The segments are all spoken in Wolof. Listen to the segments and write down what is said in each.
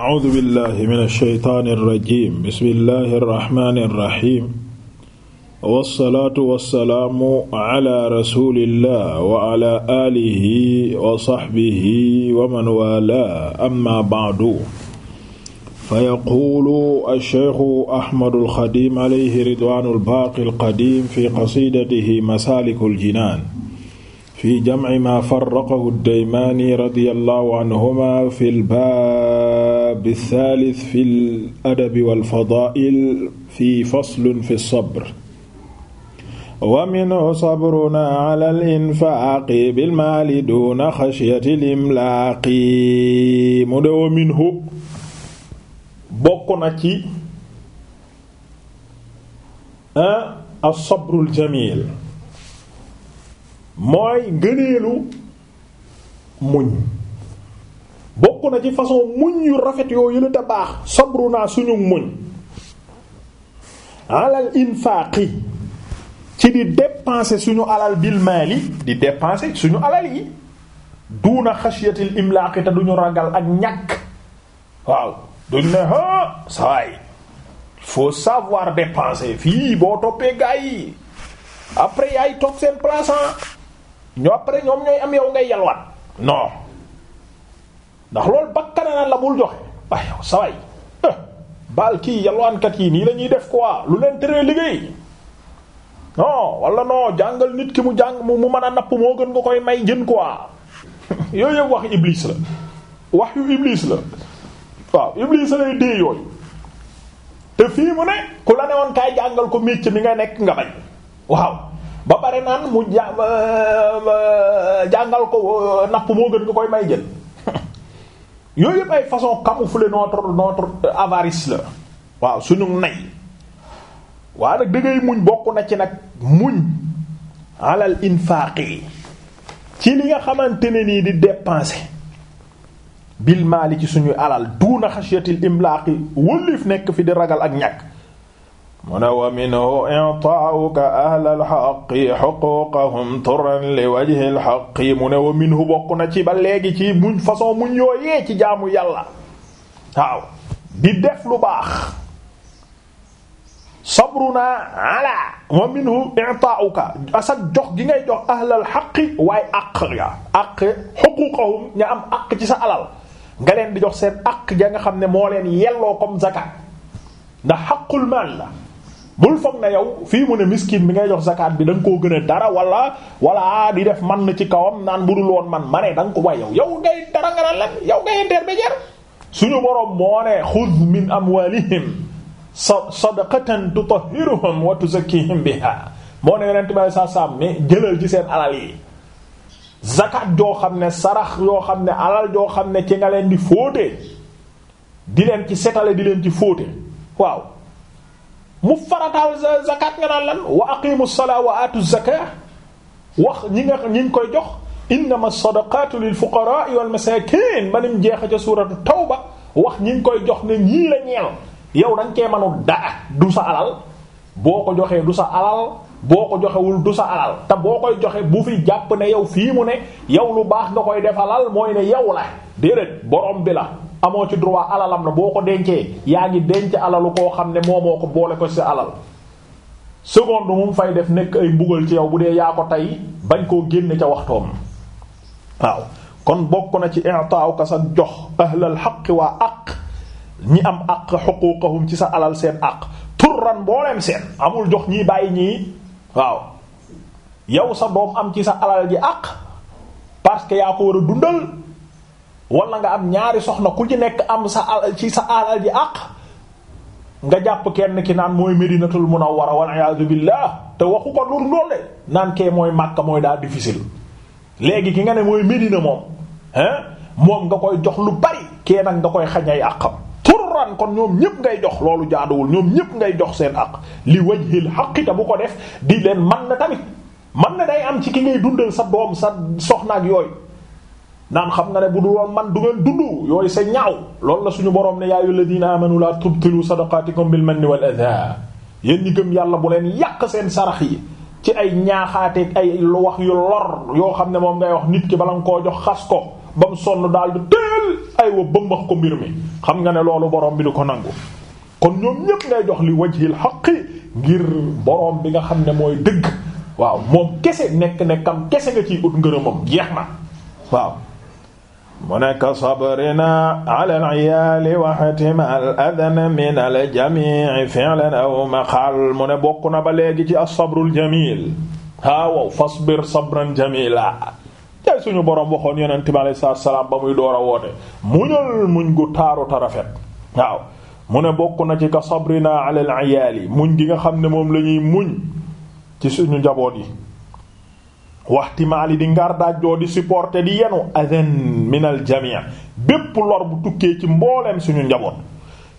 أعوذ بالله من الشيطان الرجيم بسم الله الرحمن الرحيم والصلاة والسلام على رسول الله وعلى آله وصحبه ومن والاه أما بعد فيقول الشيخ أحمد الخديم عليه رضوان الباقي القديم في قصيدته مسالك الجنان في جمع ما فرقه الديماني رضي الله عنهما في الباب albaab althaalith fi ladab walfadaa'il fi fasl fi sabr wa minhu sabruna ala alinfaaqi bilmaali duna xashyati limlaaqi mu de wa minhu bokk na ci as-sabrul jamiil mooy gëneelu muñ bokk na ci façon muñ yu rafet yoo yële te baax sabru naa suñu muñ alal infaaqi ci di dépenser suñu alal bil yi di dépenser suñu alal yi duuna xasiyatil imlaaqi te duñu ragal ak ñàkk waaw duñ ne ha saay faut savoir dépenser fii boo toppee gaa yi après yaay toog seen place ah. ñoo après ñoom ñooy am yow ngay yalwaat non ndax loolu bakkanana la bul joxe waaye eh, baal kii yalwaankat yii nii lañuy ñuy def quoi lu leen teree liggéey non wala non jàngal nit ki mu jàng mu mën a napp moo gën nga koy may jën ko yooyu yëpp wax iblis la wax yu iblis la waaw iblis lay dee yooyu te fii mu ne ku la ne woon jàngal ko métier mi nga nekk nga bañ waaw ba pare naan mu jàngal ko napp moo gën nga koy may jën. yooyu yëpp ay façon camoufler notre notre avarice la waaw suñu nay waa nag dëggay muñ bokk na ci nag muñ alal infaaqi ci li nga xamante ne nii di dépenser bil maali ci suñuy alal duuna xasiyatil imlaaqi wëllif nekk fi di ragal ak ñàkk mu ne wa minhu i'taa'uka ahlal haqqi huquuqahum turan li wajhil haqqi mu ne wa minhu bokk na ci ba léegi ci muñ façon muñ yooyee ci jaamu yàlla waaw di def lu baax sabruna ala wa minhu i'taa'uka asag jox gi ngay jox ahlal haqqi waaye àq ga àq huquuqahum ña am àq ci sa alal nga leen di jox seen àq ja nga xam ne moo leen yelloo comme zakat ndax haqqul maal la bul foog na yow fii mu ne miskin bi ngay jox zakat bi da nga koo gën a dara wala wala di def man na ci kawam naan budul woon man ma ne ko way yow yow ngay dara nga lan yow ngay intermédiaire suñu boroom moo ne xud min amwalihim sadaqatan tutahhiruhum wa tuzakkihim biha moo ne yonent bi saa saam ne jëlal ci seen alal yi zakat joo xam ne sarax yoo xam ne alal joo xam ne ci nga leen di fóote di leen ci setale di leen ci fóote waaw mu farataal zakat nga naan lan wa aqimu salaa wa aatu zakat wax ñi nga ñi ngi koy jox ma sadaqatu lil fuqara'i wal masakin banim jeexa ca taw ba wax ñi ngi koy jox ne ñii la ñeel yow da nga cee mënul daa du sa alal boo ko joxee du sa alal boo ko joxewul du sa alal te boo koy joxee bu fi jàpp ne yow fii mu ne yow lu baax nga koy defalal mooy ne yow la déedéet borom bi la amoo ci droit alalam na boo ko dencee yaa ngi denc alalu koo xam ne moomoo ko boole ko ci sa alal seconde moom def nekk ay mbugal ci yow bu dee yaa ko tey bañ koo génne ca waxtoom waaw kon na ci i'ta'uka sa jox ahlal xaq waa aq ñi am aq xuquqahum ci sa alal seen àq turran booleem seen amul jox ñii bàyyi ñii waaw yow sa doom am ci sa alal ji aq parce que yaa ko war a dundal wala nga am ñaari soxna ku ci nekk am sa al ci sa alal ji àq nga jàpp kenn ki naan mooy Medinatul Munawwara wal iyaadu billah te waxu ko dur ndolle naan kee mooy Makka mooy daa difficile léegi ki nga ne mooy Medina moom hein moom nga koy jox lu bari kee nag nga koy xañay àqam turan kon ñoom ñëpp ngay jox loolu jaaduwul ñoom ñëpp ngay jox seen àq li wajhil xaqita bu ko def di leen man na tamit man na day am ci ki ngay dundal sa doom sa soxnaak yooyu naan xam nga ne bu dul woon man du ngeen dund yooyu sa ñaaw loolu la suñu borom ne yaa ayyuhal ladiina amanu laa tubtilu sadaqaatikum bil manni wal adhaa yéen ñi gëm yàlla bu leen yàq seen sarax yi ci ay ñaaxaateeg ay lu wax yu lor yoo xam ne moom ngay wax nit ki bala nga koo jox xas ko ba mu sonn daal di teel aywa bëmbax ko mbir mi xam nga ne loolu borom bi du ko nangu. kon ñoom ñépp ngay jox li wajhil haqqi ngir borom bi nga xam ne mooy dëgg waaw moom kese nekk nekkam kese nga ciy ut ngërëmam jeex na waaw. mu nekk sabrina ala al-iyaali wa xatima al adan min al-jamii fi'lan aw maqal mu ne bokk na ba léegi ci as-sabrul jamil waaw fasbir sabran jamila tey suñu borom waxoon yonent bi alayhi salaatu salaam ba muy door a woote muñal muñ gu taaru ta rafet waaw mu ne bokk na ci ka sabrina ala al muñ gi nga xam ne moom lañuy ñuy muñ ci suñu njaboot yi waxtimaali di ngar daajjoo di supporter di yenu adan minal jamii bépp lor bu tukkee ci mbooleem suñu njaboot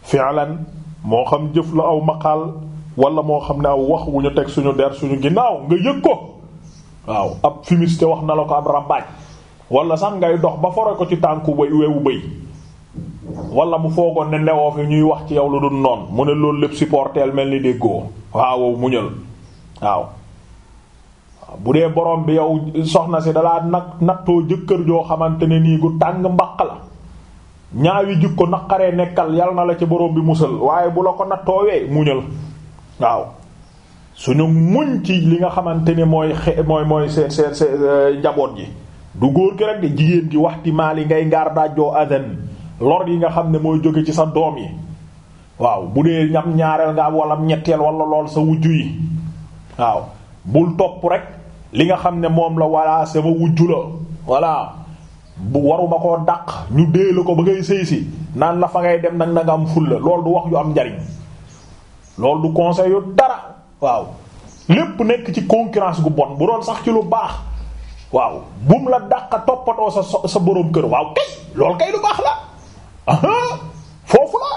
fi'lan moo xam jëf la aw maqaal wala moo xam ne aw wax wu ñu teg suñu der suñu ginnaaw nga yëg ko waaw ab fumiste wax na la ko ab rambaaj wala sax ngay dox ba fore ko ci tànku bay wewu bëy walla mu foogoon ne newoo fi ñuy wax ci yow lu dul noon mu ne loolu lépp supporteel mel ni déggoo waaw muñal waaw bu dee borom bi yow soxna si dalaa nag nattoo jëkkër joo xamante ne nii gu tàng mbaq la ñaawi jikko naqaree nekkal yal na la ci borom bi musal waaye bu la ko nattoowee muñal waaw suñu muñ ci li nga xamante ne mooy xe mooy seen seen seen euh, njaboot ji du góor gi rek jigéen gi waxti maal yi ngay ngaar daajoo aden lor yi nga xam ne mooy jóge ci sa doom yi waaw bu dee ñam ñaareel nga am wala ñetteel walla lool sa wujju yi waaw bul topp rek li nga xam ne moom la walla sama wujju la voilà bu waruma koo dàq ñu dee ko ba ngay sëy si naan la fa ngay dem nag na nga am fulla loolu du wax yu am njariñ loolu du conseil yu dara waaw lépp nekk ci concurrence gu bon bu doon sax ci lu baax waaw bum la dàq toppatoo sa sa boroom kër waaw kay loolu kay lu baax la foofu la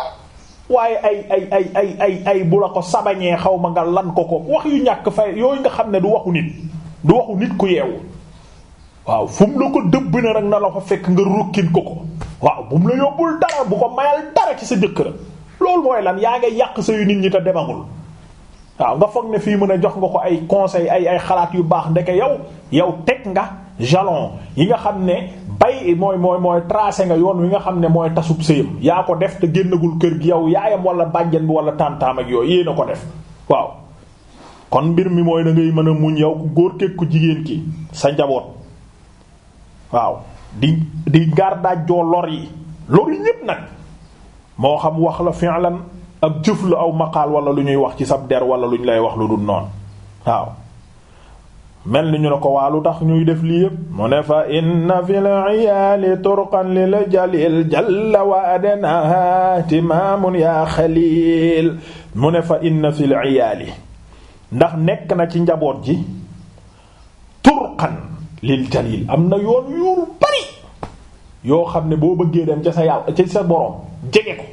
waaye ay ay ay ay ay ay bu la ko sabañee xaw ma nga lan ko ko wax yu ñàkk fay yooyu nga xam ne du waxu nit du waxu nit ku yeewu waaw fu mu la ko dëbb na rek na la ko fekk nga rokkin ko ko waaw bu mu la yóbbul dara bu ko mayal dara ci sa jëkkër loolu mooy lan yaa nga yàq sa yu nit ñi te demagul waaw nga foog ne fii mën a jox nga ko ay conseil ay ay xalaat yu baax ndeke yow yow teg nga jalon yi nga xam ne bay mooy mooy mooy tracé nga yoon wi nga xam ne mooy tasub sëyam yaa ko def te génnagul kër gi yow yaayam wala bàjjen bi wala tàntaam ak yooyu yé a ko def waaw kon mbir mi mooy da mën a muñ yow ku góor kekk jigéen ki sa njaboot waaw di di gardaajoo lor yi lor yi ñépp nag moo xam wax la fi'lan ak jëf lu aw maqaal wala lu ñuy wax ci sab der wala lu ñu lay wax lu dul noonu waaw mel ni ñu ne ko waa lu tax ñuy def lii yépp mu ne fa inna fil iyaali turqan lil jalil jalla wa timaamun yaa xaliil mu ne fa inna fil iyaali ndax nekk na ci njaboot ji turqan lil jalil am na yoon yu bari yoo xam ne boo bëggee dem ca sa yàlla ca sa borom jege ko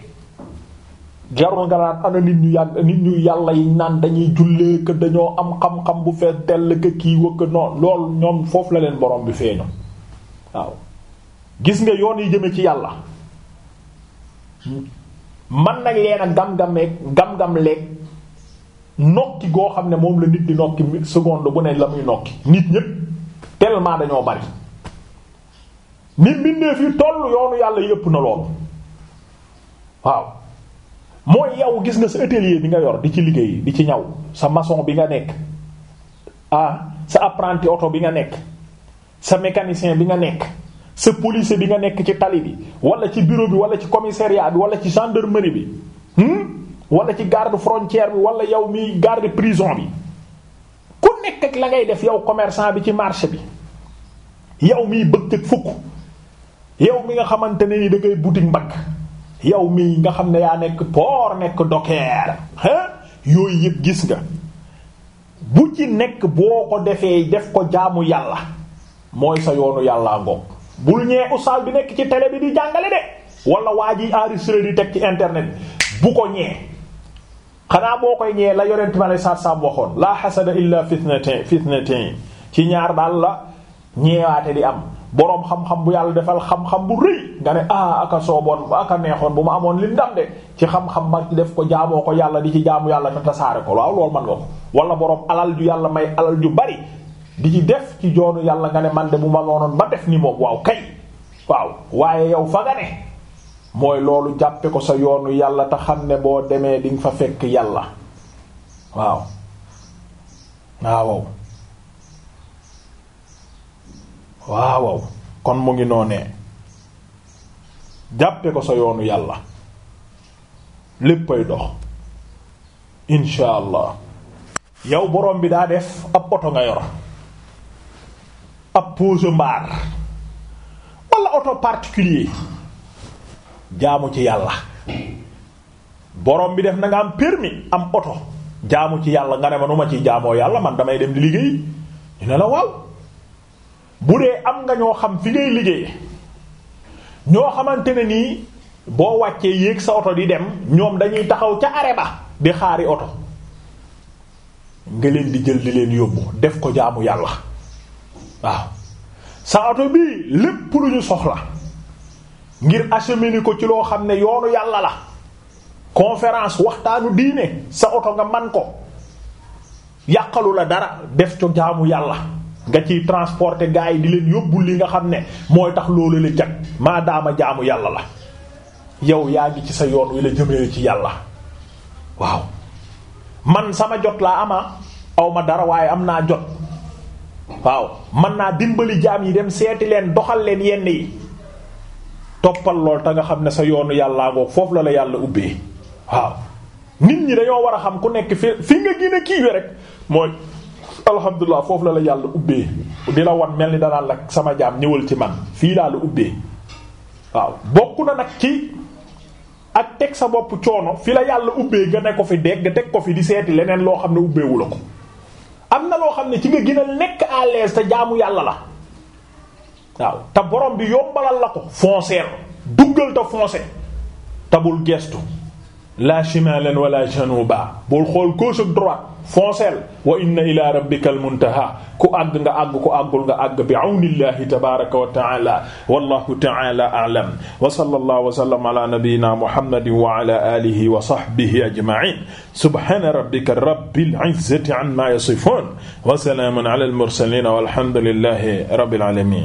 jarul nga naan ana nit ñu yàlla yi naan dañuy jullee que dañoo am xam-xam bu fees dell que kii wëkk noonu lool ñoom foofu la leen borom bi feeñu waaw gis nga yoon yi jëme ci yàlla man nañ leen a gam-gameeg gam-gam nokki goo xam ne moom la nit di nokki seconde bu ne la muy nokki nit ñépp tellement dañoo bari nit mbindeef yi toll yoonu yàlla yëpp na lool waaw mooy yow gis nga sa atelier bi nga yor di ci liggéey di ci ñaw sa maçon bi nga nekk ah sa apprenti oto bi nga nekk sa mécanicien bi nga nekk sa policier bi nga nekk ci tali bi wala ci bureau bi wala ci commissariat bi wala ci gendarmerie bi hmm? wala ci garde frontière bi wala yow mi garde prison bi ku nekk ak la ngay def yow commerçant bi ci marché bi yow miy bëccëg fukk yow mi nga xamante ni da ngay boutique mbagg yow mi nga xam ne yaa nekk port nekk docker hein yooyu yëpp gis nga bu ci nekk boo ko defee def ko jaamu yàlla mooy sa yoonu yàllaa ngoog bul ñee oustaz bi nekk ci télé bi di jàngale de wala waa ji enregistré di teg ci internet bu ko ñee xanaa boo koy ñëwee la yonent ma lay saat saam waxoon laa xasada illa fitnatin fitnatin ci ñaar daal la ñeewaate di am boroom xam-xam bu yàlla defal xam-xam bu rëy nga ne ah aka sooboon aka neexoon bu ma amoon li ndam de ci xam-xam ma def ko jaamoo ko yàlla di ci jaamu yàlla te tasaare ko waaw loolu man nga ko wala boroom alal ju yàlla may alal ju bari di ci def ci joonu yàlla nga ne man de bu ma loonoon ba def ni moom waaw kay waaw waaye yow fa mooy loolu jàppe ko sa yoonu yàlla te xam ne boo demee dinga fa fekk yàlla waaw waaw waaw kon mu ngi noonee jàppe ko sa yoonu yàlla léppay dox insha yow borom bi daa def ab oto nga yor ab pose mbaar wala oto particulier jaamu ci yàlla borom bi def na nga am permis am oto jaamu ci yàlla nga ne ma nu jaamoo yàlla man damay dem di liggéey ñu ne la waaw bu dee am nga ñoo xam fi ngay liggéeye ñoo xamante ne nii boo wàccee yéeg sa oto di dem ñoom dañuy taxaw ca arrêt ba di xaari oto nga leen di jël di leen yóbbu def ko jaamu yàlla waaw sa oto bii lépp lu ñu soxla ngir acheminer ko ci loo xam ne yoonu yàlla la conférence waxtaanu diine sa oto nga man ko yàqalu la dara def co jaamu yàlla nga ciy transporter gars yi di leen yóbbul li nga xam ne mooy tax loolu la jag maadaama jaamu yàlla la yow yaa ngi ci sa yoon wi la jëmee ci yàlla waaw man sama jot laa ama aw ma dara waaye am naa jot waaw man naa dimbali jaam yi dem seeti leen doxal leen yenn yi toppal lool te nga xam ne sa yoonu yàllaa ngoog foofu la la yàlla ubbee waaw nit ñi dañoo war a xam ku nekk fi fi nga gën a kiiwe rek mooy alhamdulilah foofu la la yàlla ubbee di la wan mel ni danaan la sama jaam ñëwal ci man fii laa la ubbee waaw bokk na nag ci ak teg sa bopp coono fi la yàlla ubbee nga ne ko fi dégg teg ko fi di seeti leneen loo xam ne ubbeewu la ko am na loo xam ne ci nga gën nekk à l'aise te jaamu yàlla la waaw te borom bi yombalal la ko foncer duggal te foncer te bul gestu la shimalan wala januba bul xool gauche ak droite foncer wa inna ila rabbikal muntaha ku àgg nga àgg ku àggul nga àgg bi awnillahi tabaraka wa taala wallahu taala a'lam wa sallallahu wa sallama ala nabiyyina muhammadin wa ala alihi wa sahbihi ajma'in subhana rabbika rabbil izzati amma yasifun wa salamun ala al mursalin walhamdulillahi rabbil alamin